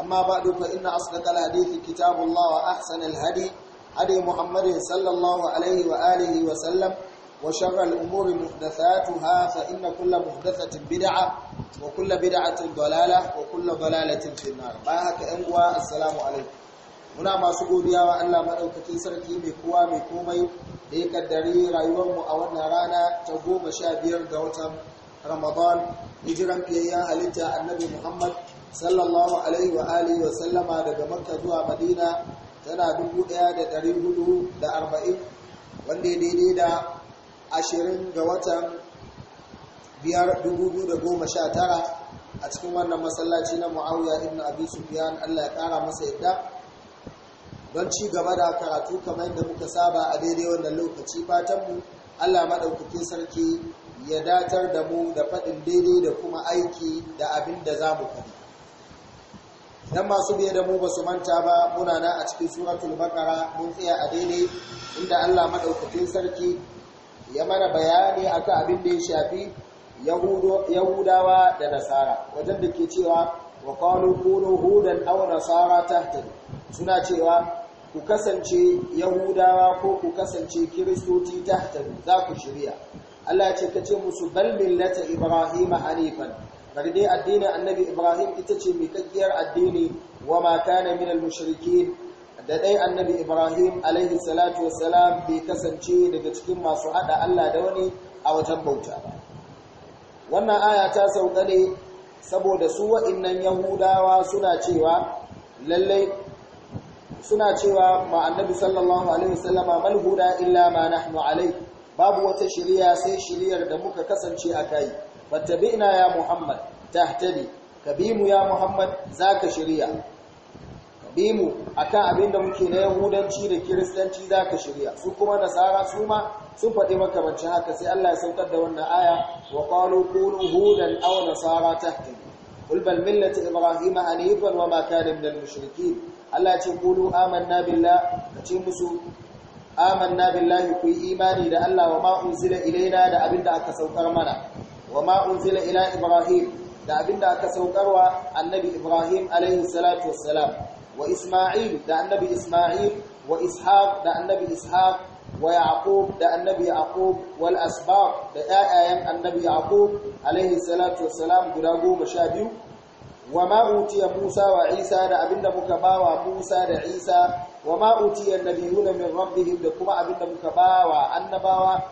أما بعد فإن أصدق الحديث كتاب الله وأحسن الهدي هدي محمد صلى الله عليه وآله وسلم وشر الأمور محدثاتها فإن كل محدثة بدعة وكل بدعة ضلالة وكل ضلالة في النار باهك أنوا السلام عليكم muna masu godiya wa Allah madaukakin sarki mai kowa mai komai da ya rayuwar rayuwarmu a wannan rana ta goma sha biyar ga watan Ramadan hijiran fiyayyen halitta Annabi Muhammad sallallahu alaihi wa alihi wa sallama daga makka zuwa madina tana 1440 wanda ya daidai da 20 ga watan 2019 a cikin wannan masallaci na muawiya ibn abi sufyan Allah ya kara masa yadda don ci gaba da karatu kamar yadda muka saba a daidai wannan lokaci fatanmu Allah maɗaukakin sarki ya datar da mu da faɗin daidai da kuma aiki da abin da za mu faɗi dan masu biye da mu ba su manta ba muna na a cikin suratul baqara mun tsaya a daidai inda Allah madaukakin sarki ya mana bayani akan abin da ya shafi yahudawa da nasara wajen da ke cewa wa qalu kunu hudan aw nasara tahtadu suna cewa ku kasance yahudawa ko ku kasance kiristoci tahtadu za ku shirya Allah ce ya ce kace musu bal millata ibrahima hanifan bari dai addinin annabi ibrahim ita ce mai mikakkiyar addini wa ma kana min da dai annabi ibrahim alaihi salatu wa salam bai kasance daga cikin masu hada Allah da wani a wajen bauta ba wannan aya ta sauka ne saboda su wa'annan yahudawa suna cewa lallai suna cewa ma annabi sallallahu alaihi wasallama malhuda illa ma nahnu alai babu wata shiriya sai shiriyar da muka kasance a kai fattabi'na ya muhammad tahtadi kabimu ya muhammad zaka shiriya kabimu akan abinda muke na yahudanci da kristanci zaka shirya su kuma nasara suma su ma sun fadi maka haka sai Allah ya saukar da wannan aya wa qalu kunu hudan aw nasara tahtadi qul bal millati ibrahima hanifan wa ma kana minal mushrikeen Allah ce kulu amanna billahi ce musu amanna billahi ku imani da Allah wa ma unzila ilaina da abinda aka saukar mana wa ma unzila ila ibrahim da abinda aka saukarwa annabi ibrahim alaihi salatu wassalam wa isma'il da annabi isma'il wa ishaq da annabi ishaq wa yaqub da annabi yaqub wal asbab da ayayen annabi yaqub alaihi salatu wassalam guda 12 wa ma utiya musa wa isa da abinda muka bawa musa da isa wa ma utiya nabiyuna min rabbihim da kuma abinda muka bawa annabawa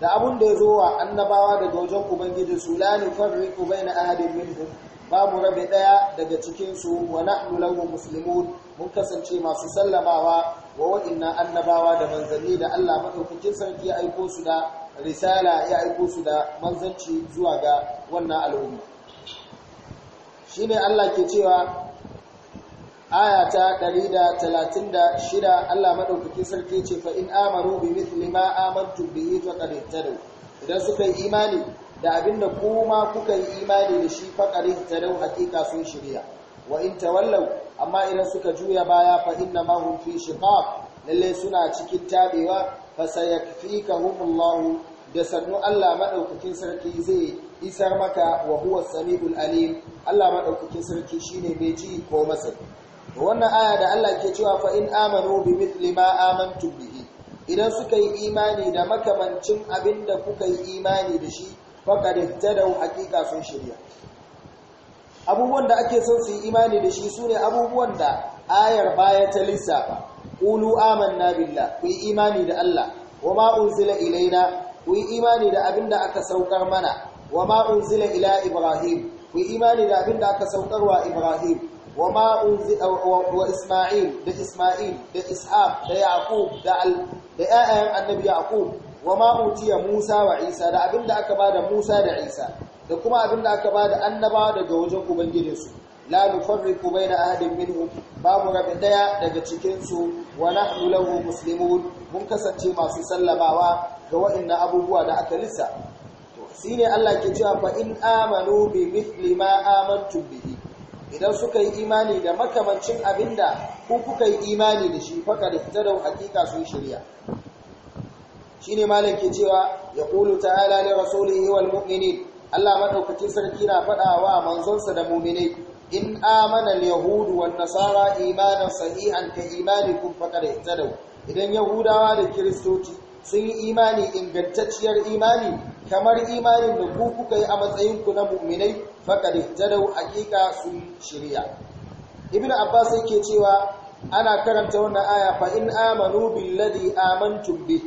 da abun da ya zo wa annabawa daga wajen ubangiji su la nufarriqu baina ahadin minhum mu rabe ɗaya daga cikin su wa nahnu lahu muslimun mun kasance masu sallamawa wa wa'inna annabawa da manzanni da Allah madaukakin sarki ya aiko su da risala ya aiko su da manzanci zuwa ga wannan al'umma shine Allah ke cewa aya ta 136 Allah madaukakin sarki ce fa in amaru bi mithli ma amantu bihi qad ihtadaw idan suka yi imani da abinda kuma kuka yi imani da shi fa qad ihtadaw hakika sun shirya wa in tawallu amma idan suka juya baya fa inna ma hum fi shiqaq lalle suna cikin tabewa fa sayakfikahumullahu da sannu Allah madaukakin sarki zai isar maka wa huwa samiul alim Allah madaukakin sarki shine mai ji ko masa wannan aya da Allah ke cewa fa in amanu bi mithli ma amantum bihi idan suka yi imani da makamancin abinda kuka yi imani da shi faqad ihtadaw haqiqa sun shirya abubuwan da ake son su yi imani da shi sune abubuwan da ayar baya ta lissafa qulu amanna billah ku yi imani da Allah wama unzila ilaina ku yi imani da abinda aka saukar mana wama unzila ila ibrahim ku yi imani da abinda aka saukar saukarwa ibrahim وما أنزل وإسماعيل ده إسماعيل ده إسحاق ده يعقوب ده النبي يعقوب وما أوتي موسى وعيسى ده أبن ده أكبا ده موسى ده عيسى ده كما أبن ده أكبا ده أنبا ده جوجن أبنجلسو لا نفرق بين أحد منهم باب رب ده ده تشكنسو ونحن له مسلمون منكسر تيما سسلما وإن أبو بوا ده أكلسا سيني الله كتاب فإن آمنوا بمثل ما آمنتم به idan suka yi imani da makamancin abinda ku kuka yi imani da shi faka da fita da hakika sun shirya shine malam ke cewa ya qulu ta'ala li rasuli wal mumini Allah maɗaukaci sarki na faɗa wa manzonsa da mu'minai in amana yahudu wa nasara imanan sahihan ka da faqad ihtadaw idan yahudawa da kiristoci sun yi imani ingantacciyar imani kamar imanin da ku kuka yi a matsayinku na mu'minai faqad ihtadaw haqiqa su shari'a ibnu abbas yake cewa ana karanta wannan aya fa in amanu billadhi amantum bih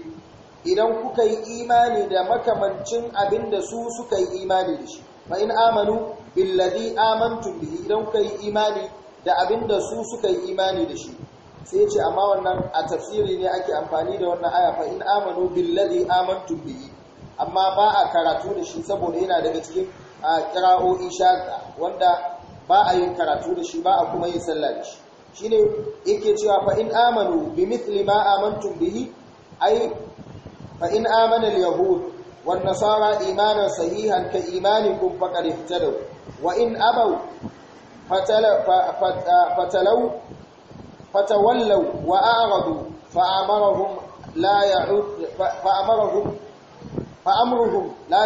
idan kuka yi imani da makamancin abinda su suka yi imani da shi fa in amanu billadhi amantum bihi idan kuka yi imani da abinda su suka yi imani da shi sai ce amma wannan a tafsiri ne ake amfani da wannan aya fa in amanu billadhi amantum bihi amma ba a karatu da shi saboda yana daga cikin a kira'o'i shaza wanda ba a yin karatu da shi ba a kuma yin sallah da shi shine yake cewa fa in amanu bi mithli ma amantum bihi ai fa in amana al-yahud wan nasara sahihan ka imanikum faqad ihtadaw wa in Abau? fatalaw fatawallaw wa a'radu fa'amarahum la ya'ud fa'amarahum فأمرهم لا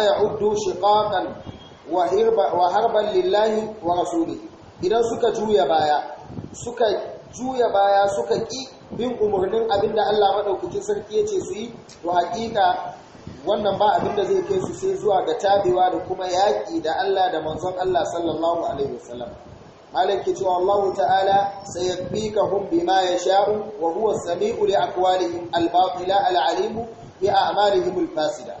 wa harban lillahi wa rasuli idan suka juya baya suka juya baya suka ki bin umarnin abinda Allah madaukakin sarki yace su yi to hakika wannan ba abinda zai kai su sai zuwa ga tabewa da kuma yaki da Allah da manzon Allah sallallahu alaihi wasallam malam ke cewa Allah ta'ala sayakbikahum bima yasha'u wa huwa as-sami'u li aqwalihim al-batila al-alimu bi a'malihim al-fasida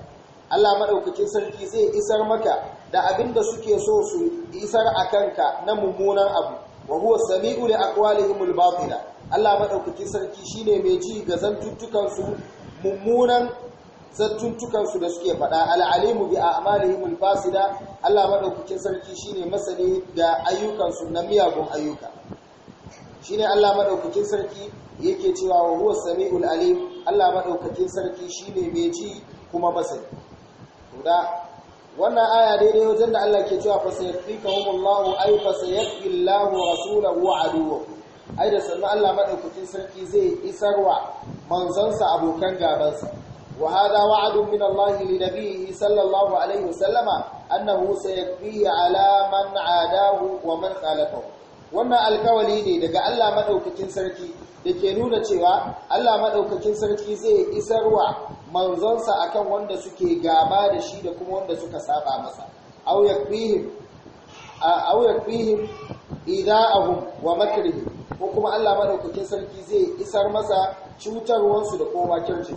Allah madaukakin sarki zai isar maka da abin da suke so su isar a kanka na mummunan abu wa huwa sami'u li aqwalihimul batila Allah madaukaki sarki shine mai ji ga zantuttukan su mummunan zantuttukan su da suke faɗa al'alimu bi a'malihimul fasida Allah madaukakin sarki shine masani da ayyukan su na miyagun ayyuka shine Allah madaukakin sarki yake cewa wa huwa sami'ul alim Allah madaukakin sarki shine mai ji kuma masani to da wannan aya daidai wajen da Allah ke cewa fa sayakfikahumullahu ay fa sayakfillahu rasulahu aduwwahu ai da sannan Allah madaukakin sarki zai isarwa manzansa abokan gabansa wa hada wa'adun min Allah li nabiyhi sallallahu alaihi wasallama annahu sayakfi ala man adahu wa man khalafahu wannan alkawali ne daga Allah madaukakin sarki dake nuna cewa Allah madaukakin sarki zai isarwa manzonsa akan wanda suke gaba da shi da kuma wanda suka saba masa aw yakfihim aw ida'ahum wa makrihim ko kuma Allah madaukakin sarki zai isar masa cutarwansu da kowa su,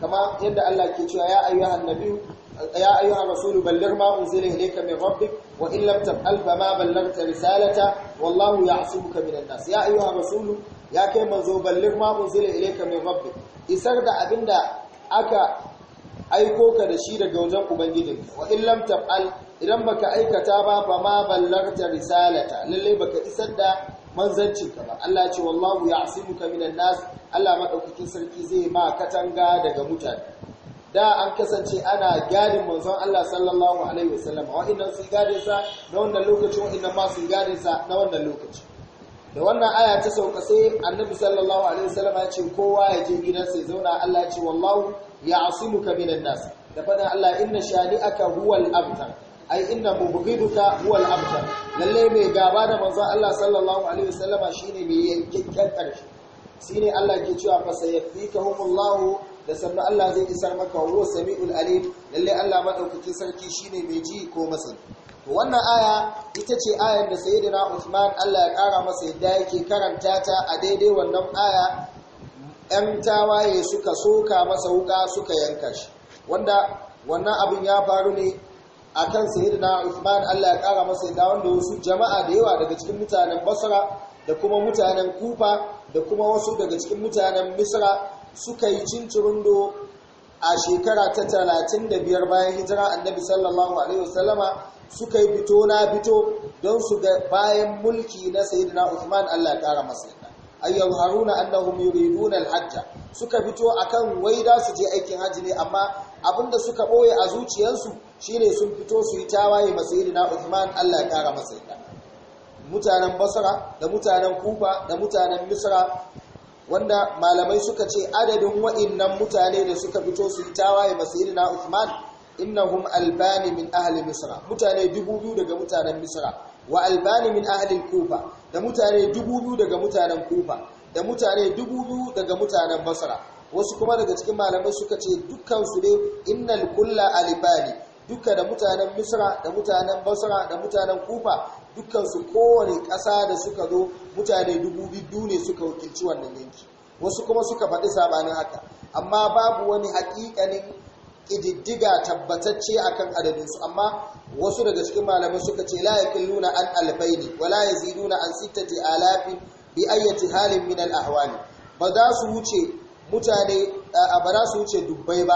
kama yadda Allah ke cewa ya ayyuhan nabiyyu ya ayyuhan rasulu balligh ma unzila ilayka min rabbik wa in lam taf'al fa ma risalata wallahu ya'subuka min an-nas ya ayyuhan rasulu ya kai manzo balligh ma unzila ilayka min rabbik isar da abinda aka aiko ka da shi daga wajen ubangijin wa in lam idan baka aikata ba fa ma ballarta risalata Lallai baka isar da manzancin ka ba Allah ce wallahu ya'simuka minan nas Allah madaukakin sarki zai ma katanga daga mutane da an kasance ana gadin manzon Allah sallallahu alaihi wasallam wa'annan sun gadin sa na wannan lokacin wa'annan ma sun gadin sa na wannan lokacin da wannan aya ta sauka sai annabi sallallahu alaihi wasallam ya ce kowa ya je gidansa ya zauna Allah ya ce wallahu asimuka minan nas da fadan Allah inna shani'aka huwal abtar ai inna mubghiduka huwal abtar lalle mai gaba da manzon Allah sallallahu alaihi wasallam shine mai yankin karshe shine Allah ke cewa fa humullahu da sannu Allah zai isar maka huwa samiul alim lalle Allah madaukaki sarki shine mai ji ko masan to wannan aya ita ce ayar da sayyidina Uthman Allah ya kara masa yadda yake karanta ta a daidai wannan aya ɗan tawaye suka soka masa wuka suka yanka shi wanda wannan abin ya faru ne akan sayyidina Uthman Allah ya kara masa yadda wanda wasu jama'a da yawa daga cikin mutanen Basra da kuma mutanen Kufa da kuma wasu daga cikin mutanen Misra suka yi cincirundo a shekara ta talatin da biyar bayan hijira annabi sallallahu alaihi wasallama suka yi fito na fito don su ga bayan mulki na sayyidina Usman Allah ya kara masa yadda ayyuhu haruna annahum yuriduna alhajja suka fito akan waida su je aikin hajji ne amma abinda suka ɓoye a zuciyarsu shine sun fito su yi tawaye ma sayyidina Uthman Allah ya kara masa yadda mutanen Basra da mutanen Kufa da mutanen Misra wanda malamai suka ce adadin wa'innan mutane da suka fito su yi tawaye usman Uthman innahum albani min ahli misra mutane dubu biyu daga mutanen misra wa albani min ahli kufa da mutane dubu biyu daga mutanen kufa da mutane dubu biyu daga mutanen basra wasu kuma daga cikin malamai suka ce dukkan su ne innal kulla albani duka da mutanen misra da mutanen basra da mutanen kufa Dukansu kowane ƙasa da suka zo mutane dubu biyu ne suka wakilci wannan yanki wasu kuma suka faɗi sabanin haka amma babu wani haƙiƙanin ƙididdiga tabbatacce akan adadinsu amma wasu daga cikin malamai suka ce la luna an albaini wa la yaziduna an sittati alafin bi ayyati halin min al ne. ba za su wuce mutane ba za su wuce dubbai ba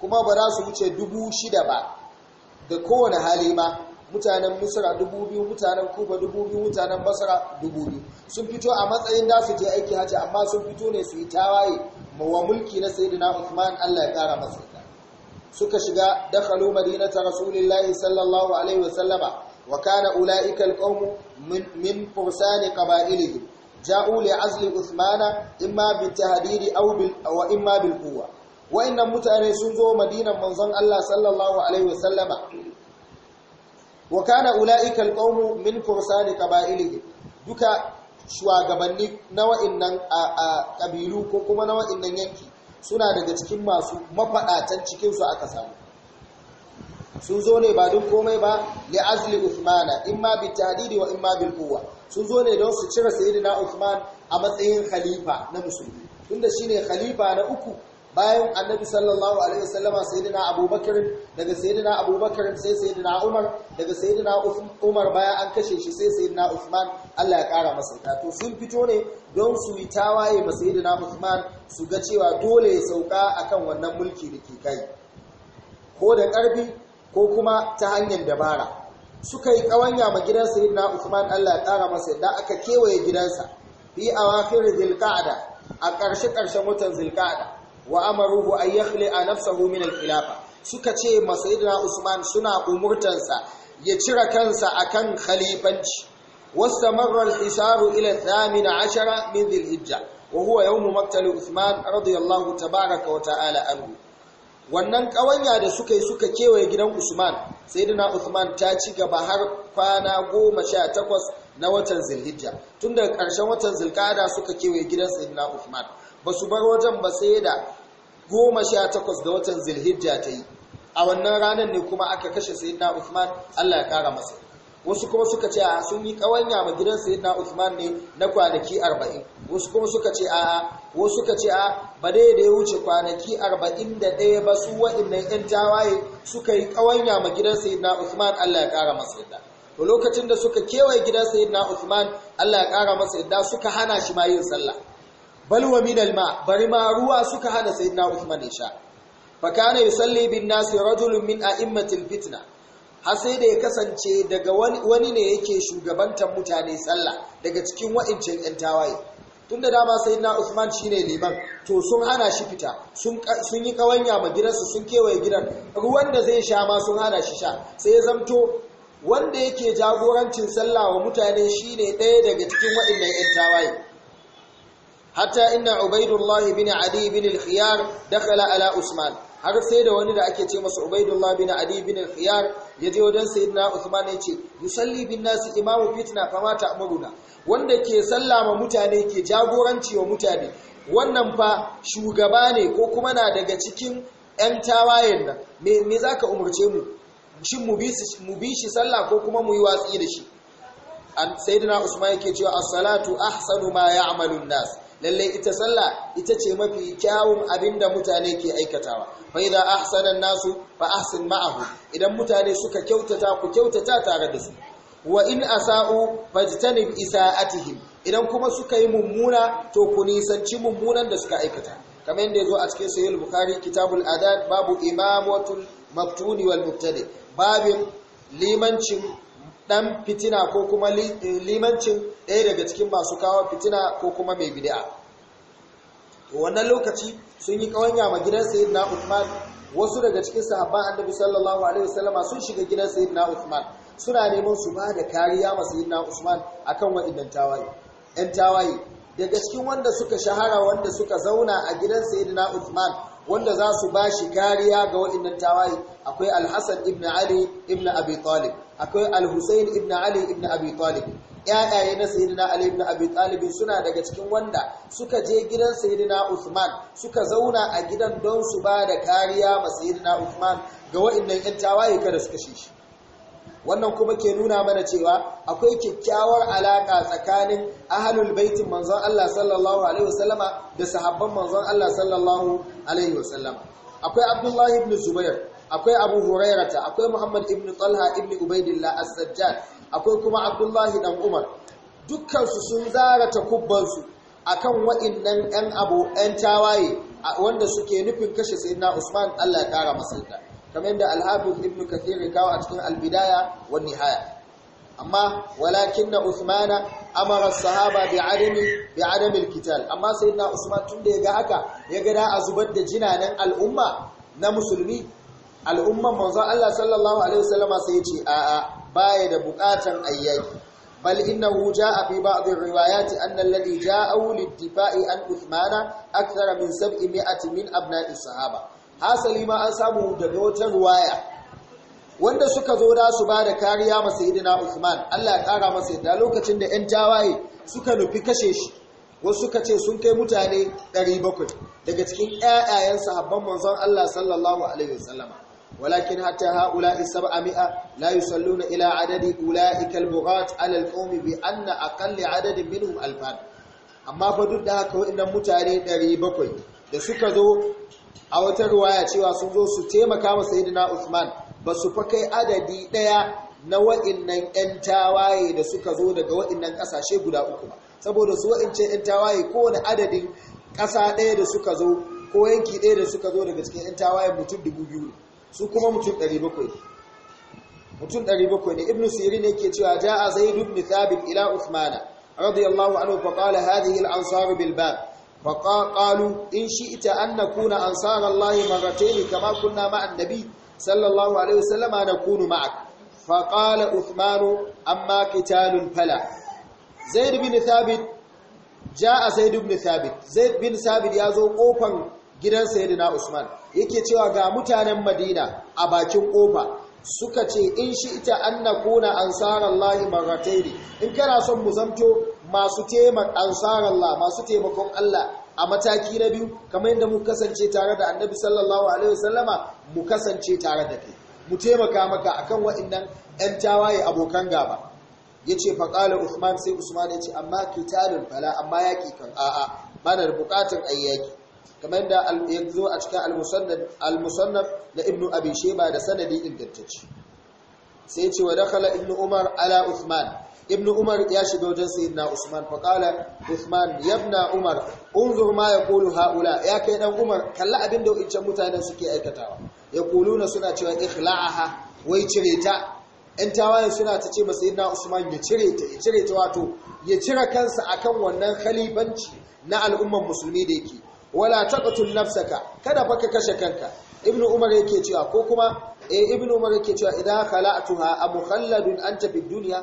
kuma ba za su wuce dubu shida ba da kowane hali ba mutanen misra dubu biyu mutanen kuba dubu biyu mutanen basra dubu biyu sun fito a matsayin da su je aiki hajji amma sun fito ne su yi tawaye wa mulki na sayyidina Usman Allah ya kara masa suka shiga madina ta rasulillahi sallallahu alaihi wasallama wa kana ulaika alqawm min min fursani qaba'ilihim ja'u li'azli Uthmana imma bitahdidi aw bil wa imma bil quwwa wa'annan mutane sun zo madinan manzon Allah sallallahu alaihi wasallama wa kana ula'ika qawmu min kursani qaba'ilihi duka shuwagabanni na wa'innan kabilu ko kuma na wa'innan yanki suna daga cikin masu mafaɗatan cikinsu aka samu sun zo ne ba duk komai ba li azli uthmana imma bi tadidi wa imma bil quwwa sun zo ne don su cire sayyidina usman a matsayin khalifa na musulmi tunda shine khalifa na uku bayan annabi sallallahu alaihi wasallama sayyidina abubakar daga sayyidina abubakar sai sayyidina umar daga sayyidina umar bayan an kashe shi sai sayyidina usman Allah ya kara masa to sun fito ne don su yi tawaye ma sayyidina usman su ga cewa dole ya sauka akan wannan mulki da ke kai ko da karfi ko kuma ta hanyar dabara suka yi kawanya ma gidan sayyidina usman Allah ya kara masa yadda aka kewaye gidansa fi awakhir zilqa'da a ƙarshe ƙarshen watan zilqa'da wa amaruhu an yakhli'a nafsahu min al-khilafa suka ce masayidina Usman suna umurtansa ya cira kansa akan khalifanci واستمر isaru إلى الثامن عشر من ذي الهجة وهو يوم مقتل عثمان رضي الله تبارك وتعالى عنه wannan kawanya da suka yi suka kewaye gidan Usman sayyidina Usman ta ci gaba har kwana goma 18 na watan zilhijja tun daga ƙarshen watan zilkada suka kewaye gidan sayyidina Usman ba su bar wajen ba sai da goma sha takwas ga watan zilhijja ta yi a wannan ranar ne kuma aka kashe na Uthman Allah ya kara masa wasu kuma suka ce a sun yi kawanya ma gidan na Uthman ne na kwanaki 40 wasu kuma suka ce a wasu suka ce a ba dai da ya wuce kwanaki 41 ba su waɗannan yan tawaye suka yi kawanya ma gidan na Uthman Allah ya kara masa yadda to lokacin da suka kewaye gidan na Uthman Allah ya kara masa yadda suka hana shi ma yin sallah balwa minal min bari ma ruwa suka hana sayyidina Usman ya sha fa kana yusalli bin nas rajulun min a'immatil fitna, har sai da ya kasance daga wani ne yake shugabantar mutane sallah daga cikin wa'incin yan tawaye tunda dama sayyidina Usman shine liman to sun hana shi fita sun yi kawanya ma gidansu sun kewaye gidan ruwan da zai sha ma sun hana shi sha sai ya zamto wanda yake jagorancin sallah wa mutane shine ɗaya daga cikin waɗannan 'yan tawaye hatta inna ubaidullah bin ali bin al-khiyar ala usman har sai da wani da ake ce masa ubaidullah bin ali bin al-khiyar yaje wajen sayyidina usman ya ce musalli bin nasi imamu fitna famata amruna wanda ke sallama mutane ke jagoranci wa mutane wannan fa shugaba ne ko kuma na daga cikin 'yan tawayen nan me me zaka umurce mu shin mu bi shi sallah ko kuma mu yi watsi da shi sayyidina usman yake cewa as-salatu ahsanu ma ya'malun nas lallai ita sallah ita ce mafi kyawun abinda mutane ke aikatawa fa idza ahsana nasu fa ahsin ma'ahu idan mutane suka kyautata ku kyautata tare da su wa in asa'u fajtanib isa'atihim idan kuma suka yi mummuna to ku nisanci mummunan da suka aikata kamar yadda yazo a cikin sahih bukhari kitabul adab babu imamatul maftuni wal mubtadi babin limancin ɗan fitina ko kuma eh, limancin ɗaya daga cikin masu kawo fitina ko kuma mai bidi'a wannan lokaci sun yi kawanya ma gidan sayyidina Uthman wasu daga cikin sahabban annabi sallallahu alaihi wasallama sun shiga gidan sayyidina Uthman suna neman su ba da kariya ma sayyidina Uthman akan wa'idan tawaye ɗan tawaye daga cikin wanda suka shahara wanda suka zauna a gidan sayyidina Uthman wanda za su ba shi kariya ga waɗannan tawaye akwai alhassan ibn ali ibn abi talib akwai alhussein ibn ali ibn abi talib ƴaƴaye na sayyidina ali ibn abi talib suna daga cikin wanda suka je gidan sayyidina Usman, suka zauna a gidan don su ba da kariya ma sayyidina Usman, ga waɗannan ƴan tawaye kada su kashe shi wannan kuma ke nuna mana cewa akwai kyakkyawar alaka tsakanin Ahlul baitin manzon Allah sallallahu alaihi wasallama da sahabban manzon Allah sallallahu alaihi wasallam akwai abdullahi ibn zubair akwai abu hurairata akwai muhammad ibn talha ibn ubaidillah as-sajjad akwai kuma abdullahi dan umar dukkansu sun zara su akan wa'innan yan abu yan tawaye wanda suke nufin kashe sayyidina usman Allah ya kara masa kamar yadda al habib ibn kathir kawo a cikin al-bidaya wa nihaya amma walakinna usmana amara sahaba bi adami bi adami alqital amma sayyidina Usman tunda yaga haka yaga da a zubar da jinanan al'umma na musulmi al'umman manzon Allah sallallahu alaihi wasallama sai yace ce a'a baya da bukatan ayyaki بل إنه جاء في بعض الروايات أن الذي جاءوا للدفاع عن عثمان أكثر min 700 sahaba. hasali ma an samu da دقوة waya. wanda suka zo da su ba da kariya ma sayyidina Uthman Allah ya kara masa yadda lokacin da ƴan tawaye suka nufi kashe shi wasu suka ce sun kai mutane 700 daga cikin ƴaƴayen sahabban manzon Allah sallallahu alaihi wasallam walakin hatta haula sab'a la yusalluna ila adadi ulaika bughat ala al-qawmi bi anna aqall adadin minhum alfan amma fa duk da haka waɗannan mutane 700 da suka zo a wata ruwaya cewa sun zo su taimaka ma sayyidina Uthman ba su fa kai adadi ɗaya na wa'innan 'yan tawaye da suka zo daga wa'innan ƙasashe guda uku ba saboda su wa'ince 'yan tawaye kowane adadin ƙasa ɗaya da suka zo ko yanki ɗaya da suka zo daga cikin 'yan tawaye mutum dubu biyu su kuma mutum ɗari bakwai mutum ɗari bakwai ne ibn sirin ke cewa ja zai ibn mithabit ila usmana radiyallahu anhu fa qala hadhihi al-ansar bil فقالوا إن شئت أن نكون أنصار الله مرتين كما كنا مع النبي صلى الله عليه وسلم نكون معك فقال عثمان أما قتال فلا زيد بن ثابت جاء زيد بن ثابت زيد بن ثابت يازو قوفن gidan sayyidina Usman yake cewa ga mutanen Madina a bakin kofa suka ce in shi ita annakuna ansarallahi marataini in kana son mu zamto masu taimak Allah, masu taimakon Allah a mataki na biyu kamar yadda mu kasance tare da annabi sallallahu alaihi wasallama mu kasance tare da kai mu taimaka maka akan waɗannan ɗan tawaye abokan gaba Ya ce qala usman sai usman ya ce, amma ke kitalun fala amma yaki kan a'a bana da buƙatar ayyaki kamar yadda yazo a cikin almusannan na ibnu abin sheba da sanadi ingantacci sai yace wa dakala ibnu umar ala usman ibn umar ya shiga wajen sayyidina usman fa usman yabna umar unzur ma yaqulu haula ya kai dan umar kalla abin da wancan mutanen suke aikatawa yaquluna suna cewa ikhla'aha wai cire ta tawayen suna ta ce masu na usman ya cire ta ya cire ta wato ya cire kansa akan wannan khalibanci na al'umman musulmi da yake wala taqtul nafsaka kada fa ka kashe kanka ibnu umar yake cewa ko kuma eh ibnu umar yake cewa idan khala'tuha a khalladun anta tafi dunya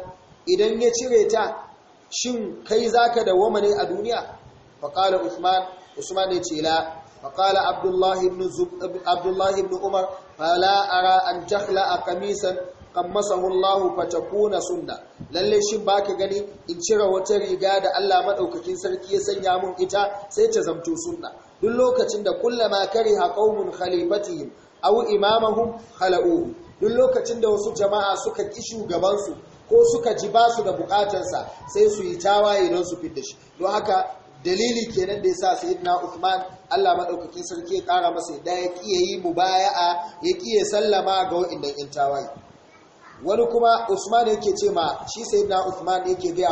idan ya cire ta shin kai zaka dawoma ne a duniya faqala usman usman ya ce la faqala abdullah ibn abdullah ibn umar fala ara an takhla qamisan qammasahu Allah fatakuna sunna lalle shin baka gani in cire wata riga da Allah madaukakin sarki ya sanya mun ita sai ta zamto sunna duk lokacin da kullama kariha qaumun khalifatihim aw imamahum khala'uhu duk lokacin da wasu jama'a suka ki shugabansu ko suka ji ba su da bukatansa sai su yi tawaye don su fita shi don haka dalili kenan da ya yasa sayyidina Uthman Allah maɗaukakin sarki ya ƙara masa yadda ya kiye yi mu a ya kiye sallama ga wa'indan yan tawaye wani kuma Usman yake ce ma shi sayyidina Uthman yake ga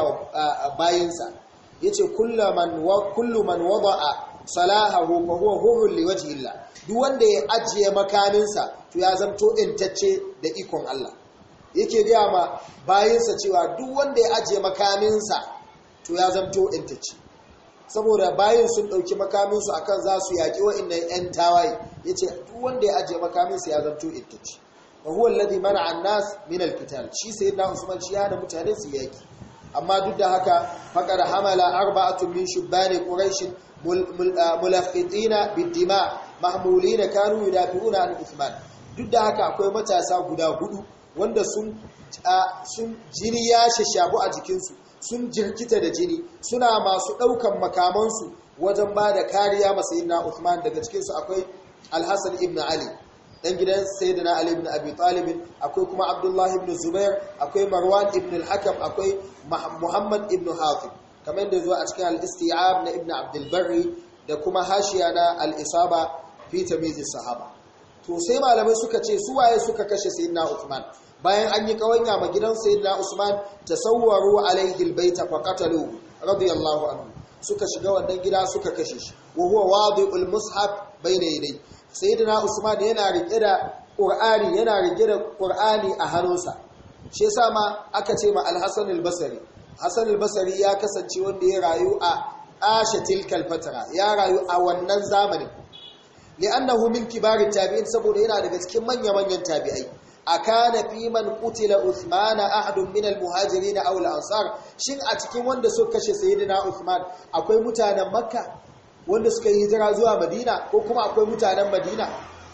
bayinsa bayansa ya wa kullu man salaha salahahu fa huwa hurrun li wajhi duk wanda ya ajiye makaminsa to ya zamto intacce da ikon Allah yake gaya ma bayinsa cewa duk wanda ya ajiye makaminsa to ya zamto intacci saboda bayin sun ɗauki makaminsu akan za su yaƙi wa'innan 'yan tawaye ya ce duk wanda ya ajiye makaminsa ya zamto intacci wa huwa alladhi mana'a an-nas min al-qital shi sayyidina usman shi ya da mutane su yaki amma duk da haka faqad hamala arba'atun min shubbani quraish mulaqqitina ah, bid-dima mahmulina kanu yudafi'una an uthman duk da haka akwai matasa guda hudu wanda sun sun jini ya shashabu a jikinsu sun jirkita da jini suna masu ɗaukan makamansu wajen ba da kariya Sayyidina Usman. daga cikinsu akwai Alhassan ibn Ali ɗan gidan sayyidina Ali ibn Abi Talib akwai kuma Abdullah ibn Zubair akwai Marwan ibn al-Hakam akwai Muhammad ibn Hafiz kamar yadda zuwa a cikin al-Isti'ab na Ibn Abdul da kuma hashiya na al-Isaba fi tamyiz sahaba to sai malamai suka ce su waye suka kashe sayyidina Usman. bayan an yi kawanya ma gidan sayyidina Usman tasawwaru alaihi albayta faqatalu radiyallahu anhu suka shiga wannan gida suka kashe shi wa huwa wadi'ul mushaf bayna sayyidina Usman yana rike da Qur'ani yana rike da Qur'ani a hannunsa shi yasa ma aka ce ma al-Hasan al-Basri Hasan al hasan al ya kasance wanda ya rayu a ashatil fatra ya rayu a wannan zamanin li'annahu min kibari tabi'in saboda yana daga cikin manya-manyan tabi'ai akana fi man qutila Uthman ahadun min al aw al-ansar shin a cikin wanda suka kashe sayyidina Uthman akwai mutanen Makka wanda suka yi hijira zuwa Madina ko kuma akwai mutanen Madina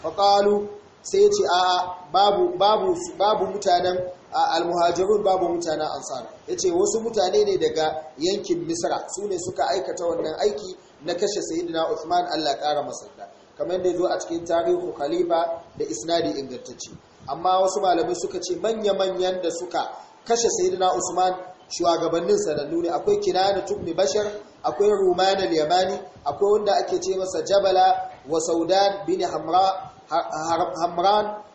fa qalu sai ya ce a babu babu babu mutanen almuhajirun babu mutanen ansar yace wasu mutane ne daga yankin Misra ne suka aikata wannan aiki na kashe sayyidina Usman Allah ya kara kamar da zo a cikin tarihu khalifa da isnadi ingantacce amma wasu malamai suka ce manya-manyan da suka kashe sayyidina usman shugabannin sanannu ne akwai kinana tubni bashar akwai Rumana liyamani yamani akwai wanda ake ce masa jabala wa saudan bin hamran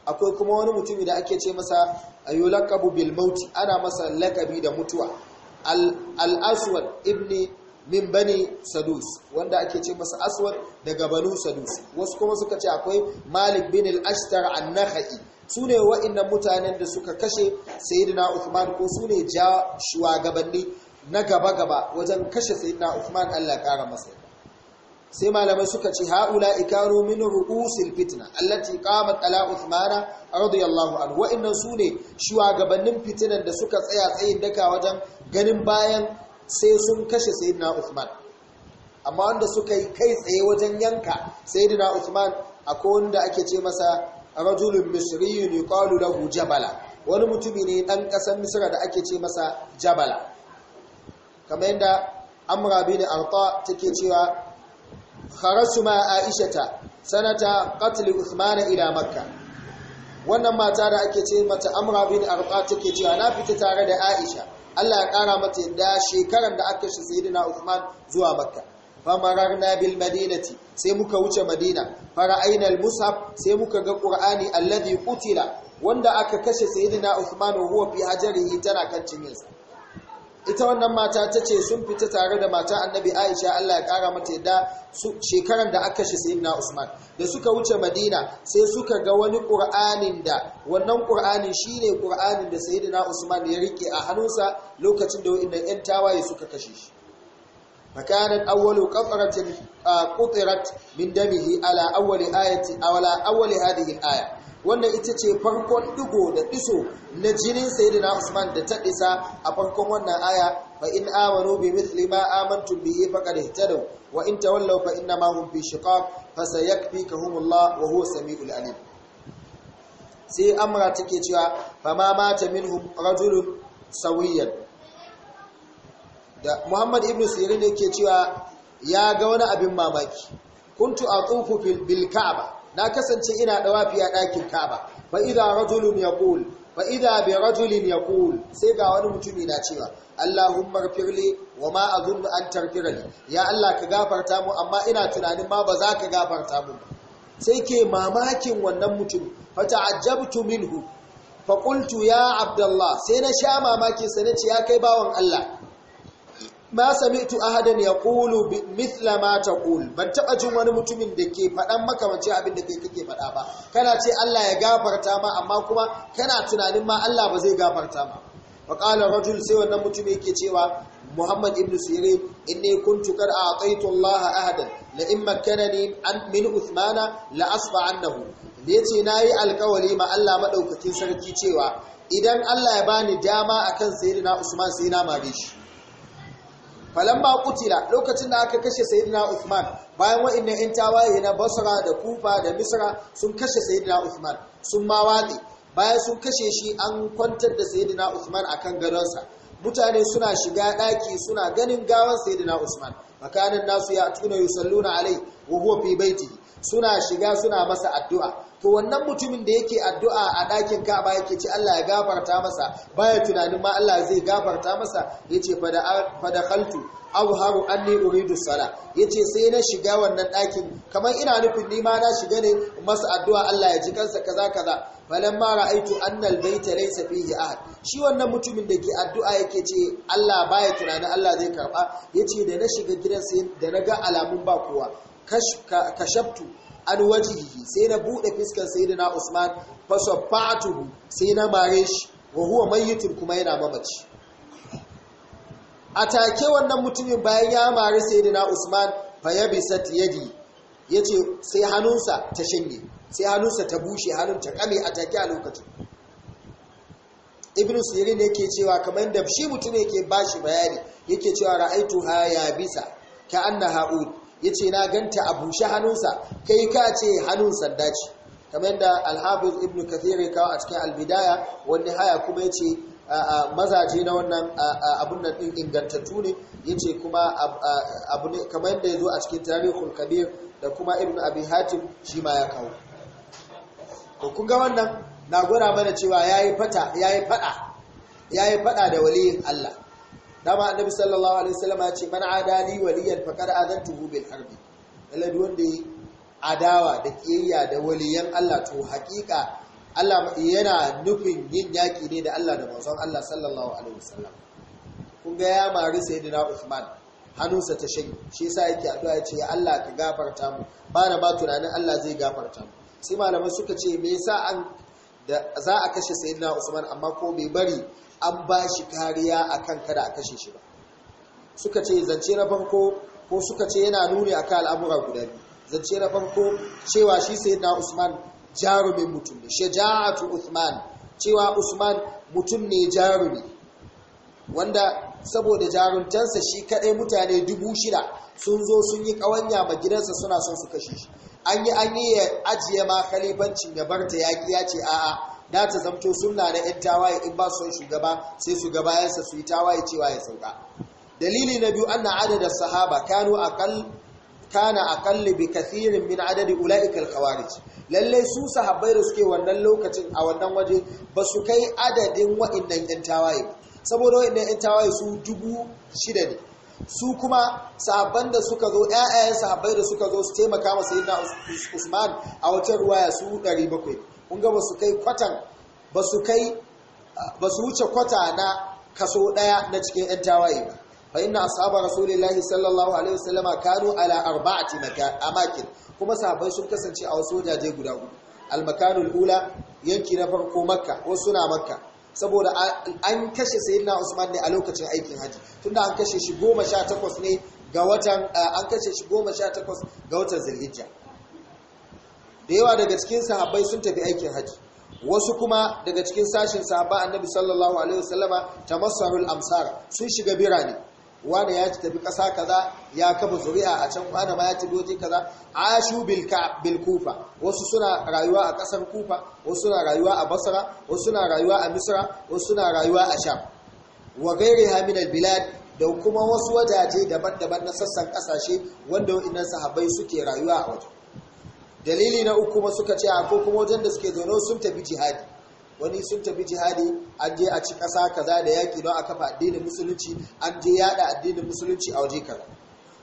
akwai kuma wani mutumi da ake ce masa yulaqabu bil mauti ana masa lakabi da mutuwa al-aswad ibni min bani sadus wanda ake ce masa aswad daga banu sadus wasu kuma suka ce akwai malik bin al-ashtar an-nakhai su ne wa'innan mutanen da suka kashe sayidina Usman, ko su ne ja shugabanni na gaba-gaba wajen kashe sayidina Uthman Allah kara masa sai malamai suka ce haula ikaru min ru'usil fitna allati qamat ala Uthmana radiyallahu anhu wa'innan su ne shugabannin fitinan da suka tsaya tsayin daka wajen ganin bayan sai sun kashe sayidina Usman. amma wanda suka yi kai tsaye wajen yanka sayidina Usman, akwai wanda ake ce masa rajulun misriyun yuqalu lahu jabala wani mutumi ne ɗan kasar misra da ake ce masa jabala kamar yadda amra bin arta take cewa harasu ma aishata sanata qatl na ila makka wannan mata da ake ce mata amra bin arta take cewa na fita tare da aisha Allah ya kara mata yadda shekaran da aka shi sayyidina uthman zuwa makka famararna bil madinati sai muka wuce madina fara'ayna al mushaf sai muka ga qur'ani alladhi qutila wanda aka kashe sayyidina usman huwa fi hajarihi tana kan cinyarsa ita wannan mata ta ce sun fita tare da mata annabi aisha allah ya kara mata yadda shekaran da aka kashe sayyidina usman da suka wuce madina sai suka ga wani qur'anin da wannan ƙur'anin shine ƙur'anin da sayyidina usman ya rike a hannunsa lokacin da wa'innan yan tawaye suka kashe shi فكانت اول قطره قطرت من دمه على ايه او على اول هذه الايه wannan ita ce farkon digo da iso na jinin sayyidina Usman da ta isa a farkon wannan aya fa in amanu bi mithli ma amantu bihi faqad ihtadaw wa in tawallaw fa inna ma hum fi shiqaq fa Allah wa huwa samiul alim sai amra take cewa fa ma mata minhum rajulun sawiyyan da muhammad ibn sirin yake cewa ya ga wani abin mamaki kuntu a tsufu bil ka'aba na kasance ina dawafi a ɗakin ka'aba fa idza rajulun yaqul fa idza bi rajulin yaqul sai ga wani mutumi na cewa Allahumma marfirle wa ma azunnu an tarfirali ya Allah ka gafarta mu amma ina tunanin ma ba za ka gafarta mu sai ke mamakin wannan mutum fa ta'ajjabtu minhu fa qultu ya abdallah sai na sha mamaki sai ya kai bawon Allah ma sami'tu ahadan yaqulu mithla ma taqul ban taba jin wani mutumin da ke faɗan makamancin abin da kai kake faɗa ba kana ce Allah ya gafarta ma amma kuma kana tunanin ma Allah ba zai gafarta ma wa qala rajul sai wannan mutum yake cewa Muhammad ibn Sirin inni kuntu a a'taytu Allah ahadan la in makkanani min Uthmana la asfa annahu yace nayi alkawari ma Allah madaukakin sarki cewa idan Allah ya bani dama akan sayyidina Usman sai na mare shi falamma kutila lokacin da aka kashe sayyidina Usman, bayan wa'annan yan tawaye na Basra da Kufa da Misra sun kashe sayyidina Usman sun ma watsi bayan sun kashe shi an kwantar da sayyidina a kan gadonsa mutane suna shiga daki suna ganin gawan sayyidina Usman, makanan nasu ya tuna yusalluna alai wa huwa fi baiti suna shiga suna masa addu'a to wannan mutumin da yake addu'a a ɗakin Ka'aba yake ci, Allah ya gafarta masa baya tunanin ma Allah zai gafarta masa yace fa da khaltu awharu anni uridu sala yace sai na shiga wannan ɗakin kamar ina nufin ni ma na shiga ne masa addu'a Allah ya ji kansa kaza kaza falamma ra'aitu anna albayta laysa fihi ahad shi wannan mutumin da ke addu'a yake ce Allah baya tunanin Allah zai karba yace da na shiga gidan sai da na ga alamun ba kowa kashaftu an wajihi sai na buɗe fiskan saidina Usman faso shaffa'atuhu sai na mare shi wa huwa mayyitun kuma yana mamaci A take wannan mutumin bayan ya mare na Usman bisa yadi yace sai hannunsa ta shinge sai hannunsa ta bushe hannun ta kame take a lokacin ibnu sirin yake cewa kamar da shi mutum yake bashi bayani yake cewa ra'aitu ha ya bisa ka na ha'ud ya ce na ganta a bushe hannunsa kai ka ce hannun sanda ce kamar yadda alhabis ibn kathir ya kawo a cikin albidaya wani haya kuma ya ce mazaje na wannan abun nan ingantattu ne ya ce kuma kamar yadda ya zo a cikin tarihul kabir da kuma ibn abi hatim shi ma ya kawo to kun ga wannan na gwada mana cewa ya yi fada da waliyin allah dama annabi sallallahu alaihi wasallam ya ce man adali waliyan faqad adantuhu bil harbi lalle wanda ya adawa da kiyayya da waliyan Allah to hakika Allah yana nufin yin yaki ne da Allah da manzon Allah sallallahu alaihi wasallam kun ga ya mari sayyidina Uthman hannunsa ta shanye shi yasa yake addu'a ya ce ya Allah ka gafarta mu ba na ba tunanin Allah zai gafarta mu sai malaman suka ce me yasa an za a kashe sayyidina Usman amma ko bai bari an ba shi kariya a kan kada a kashe shi ba suka ce zance na farko ko suka ce yana nuni a kan al'amura guda biyu zance na farko cewa shi sai na usman jarumin mutum ne shaja'atu usman cewa usman mutum ne jarumi wanda saboda jaruntansa shi kaɗai mutane dubu shida sun zo sun yi kawanya ma gidansa suna son su kashe shi an yi an yi ya ajiye ma khalifancin ya barta ta yaƙi ya ce a'a da ta zamto suna na 'yan tawaye in ba son shugaba sai su yansa su yi tawaye cewa ya sauka dalili na biyu na adada sahaba kanu a kana aqall bi kathirin min adadi ula'ikar khawarij lallai su sahabbai da suke wannan lokacin a wannan waje ba su kai adadin wa'annan 'yan tawaye ba saboda wa'annan 'yan tawaye su dubu shida ne su kuma sahabban da suka zo yayan sahabbai da suka zo su taimaka masa na Usman a wata ruwaya su 700 Kunga ba basu kai kwatan su kai su wuce kwata na kaso daya na cikin yan tawaye ba fa inna ashabu rasulillahi sallallahu alaihi wasallam kanu ala arba'ati amakin kuma sahabbai sun kasance a wasu wajaje guda hudu al-makanul ula yanki na farko makka wasu suna makka saboda an kashe sayyidina usman ne a lokacin aikin haji tunda an kashe shi 18 ne ga watan an kashe shi 18 ga watan zulhijja da yawa daga cikin sahabai sun tafi aikin haji wasu kuma daga cikin sashin sahabba annabi sallallahu alaihi wasallama tamassarul amsar sun shiga birane wanda ya ci tafi ƙasa kaza ya kafa zuri'a a can kwana ma ya tafi doji kaza ashu bil kufa wasu suna rayuwa a ƙasar kufa wasu suna rayuwa a basra wasu suna rayuwa a misra wasu suna rayuwa a sham wa ghairiha min al bilad da kuma wasu wajaje daban-daban na sassan ƙasashe wanda wa'annan sahabbai suke rayuwa a wajen dalili na uku ma suka ce a ko kuma wajen da suke zaune sun tafi jihadi wani sun tafi jihadi an je a ci ƙasa kaza da yaƙi don a kafa addinin musulunci an je yada addinin musulunci a waje kaza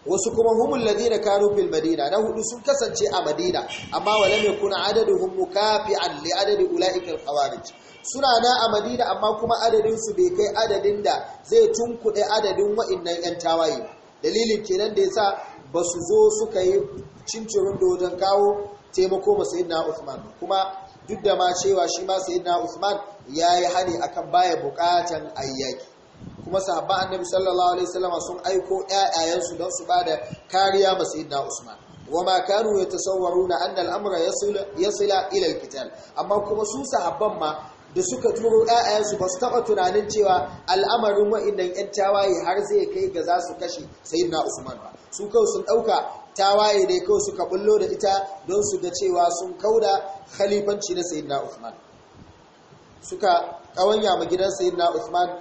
wasu kuma humul ladina kanu fil madina na hudu sun kasance a madina amma walam adadin adaduhum mukafi'an li adadi ulaika al khawarij suna na a madina amma kuma adadin su bai kai adadin da zai tunkuɗe adadin wa'annan yan tawaye dalilin kenan da yasa su zo suka yi cincirin da wajen kawo taimako ma na Usman kuma duk da ma cewa shi ma na Usman yi hani akan baya bukatan ayyaki kuma sahabban annabi sallallahu alaihi wasallam sun aiko ƴaƴayensu don su bada kariya ma na Usman wama kanu yatasawwaruna anna al-amra yasila yasila ila al-qital amma kuma su sahabban ma da suka turo 'ya'yansu ba su taɓa tunanin cewa al'amarin wa'innan 'yan tawaye har zai kai ga za su kashe sayyidina Usman ba su kawai sun ɗauka ta waye dai kawai suka bullo da ita don su ga cewa sun kauda khalifanci na sayyidina usman suka kawanya ma gidan sayyidina Uthman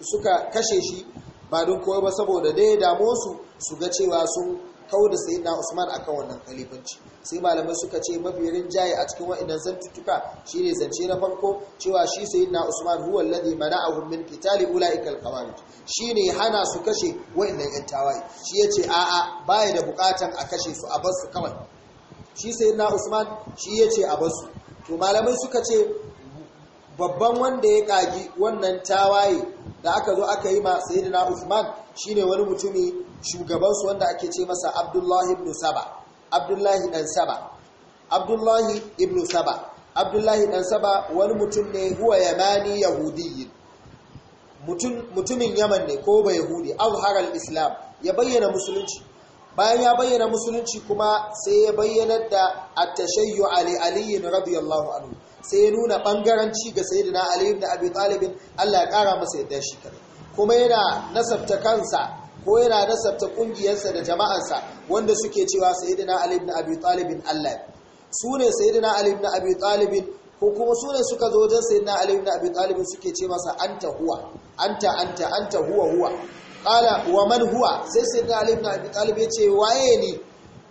suka kashe shi ba don kowa ba saboda dai damo su su ga cewa sun sai sayyidina Usman akan wannan kalibanci sai malamai suka ce mafi rinjaye a cikin wa'idan zantutuka shine zance na farko cewa shi sayyidina Usman huwa alladhi mana'ahum min qitali ulaika al-khawarij shine hana su kashe wa'idan yan tawaye shi yace a'a baya da bukatan a kashe su a bar su kawai shi sayyidina Usman shi yace a bar su to malamai suka ce babban wanda ya kagi wannan tawaye da aka zo aka yi ma sayyidina Uthman shine wani mutumi shugaban su wanda ake ce masa Abdullahi ibn Saba Abdullahi dan Saba ibn Saba dan Saba wani mutum ne huwa yamani yahudiyyin mutumin yaman ne ko ba yahudi azhar al-islam ya bayyana musulunci bayan ya bayyana musulunci kuma sai ya bayyanar da attashayyu ali aliyin radiyallahu anhu sai ya nuna bangaranci ga sayyidina ali ibn abi talib Allah ya kara masa yadda shi kare kuma yana nasabta kansa ko yana nasabta kungiyarsa da jama'arsa wanda suke cewa sayyidina ali ibn abi talib Allah Sune ne sayyidina ali ibn abi talib ko kuma sune suka zo wajen sayyidina ali ibn abi talib suke ce masa anta huwa anta anta anta huwa huwa qala wa man huwa sai sai ali ibn abi talib yace waye ne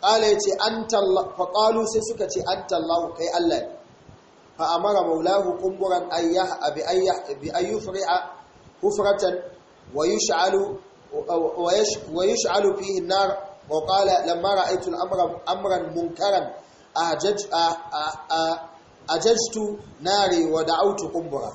qala yace anta allah fa qalu sai suka ce an allah kai allah ne fa amara maulahu kumburan ayyah bi ayyah bi ayyufri'a kufratan wa yush'alu wa yush'alu fihi an-nar wa qala lamma ra'aytu al-amra amran munkaran ajajtu ah, ah, ah, nari wa da'awtu kumbura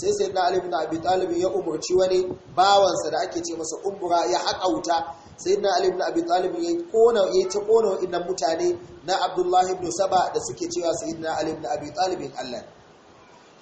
sai sai na Ali ibn Abi Talib ya umarci wani bawansa da ake ce masa umbura ya haƙauta sai na Ali ibn Abi Talib ya kona ya ta kona wa'annan mutane na Abdullahi ibn Saba da suke cewa sayyidina Ali ibn Abi talibin Allah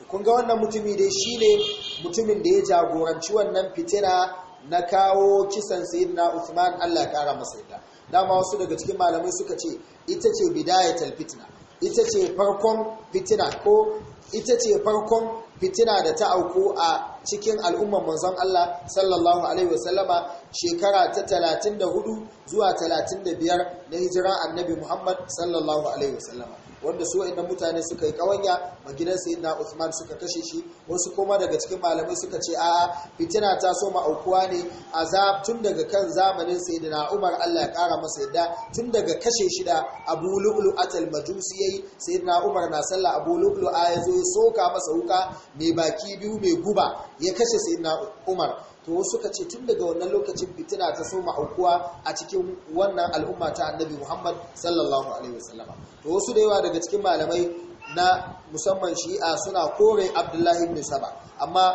kun ga wannan mutumi dai shi ne mutumin da ya jagoranci wannan fitina na kawo kisan sayyidina Usman Allah kara masa yadda dama wasu daga cikin malamai suka ce ita ce bidayatul fitna ita ce farkon fitina ko ita ce farkon fitina da ta auku a cikin al'umman manzon Allah sallallahu alaihi wasallama shekara ta 34 zuwa 35 na hijiran annabi Muhammad sallallahu alaihi wasallama wanda su wa'annan mutane suka yi kawanya maginan gidan sayyidina Usman suka kashe shi wasu kuma daga cikin malamai suka ce a'a fitina ta so ma aukuwa ne azab tun daga kan zamanin sayyidina Umar Allah ya kara masa yadda tun daga kashe shi da Abu Lu'lu atal Majusi yayi sayyidina Umar na sallah Abu Lu'lu a yazo ya soka masa wuka mai baki biyu mai guba ya kashe sayyidina Umar to wasu suka ce tun daga wannan lokacin fitina ta soma aukuwa a cikin wannan al'umma ta annabi Muhammad sallallahu alaihi wasallam to wasu da yawa daga cikin malamai na musamman shi'a suna kore Abdullahi bin Saba amma